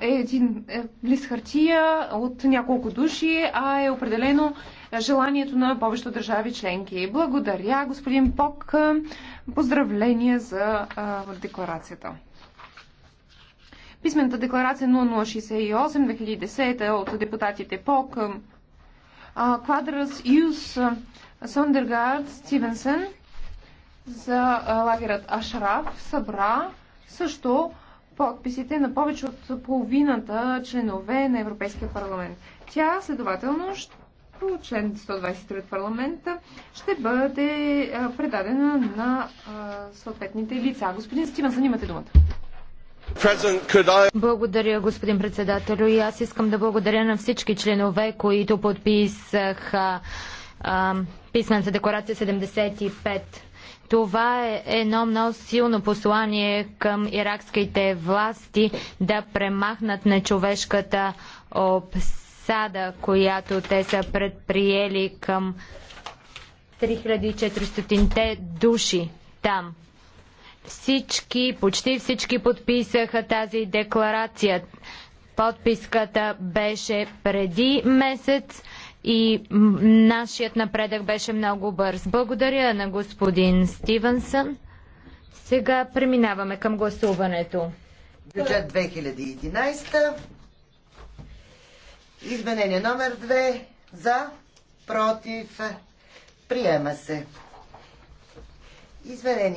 е един е, лист хартия от няколко души, а е определено желанието на повечето държави членки. Благодаря, господин Пок. поздравления за декларацията. Писмената декларация 0068-2010 от депутатите ПОК, Квадрас Юс Сондергард Стивенсен за лагерът Ашраф събра също подписите на повече от половината членове на Европейския парламент. Тя, следователно, по член 123 от парламента ще бъде предадена на съответните лица. Господин Стивенсън, имате думата. Благодаря, господин председател, И аз искам да благодаря на всички членове, които подписаха писмената декларация 75. Това е едно много силно послание към иракските власти да премахнат нечовешката обсада, която те са предприели към 3400-те души там. Всички, почти всички подписаха тази декларация. Подписката беше преди месец и нашият напредък беше много бърз. Благодаря на господин Стивенсън. Сега преминаваме към гласуването. Бюджет 2011. Изменение номер 2. За, против, приема се. Изменение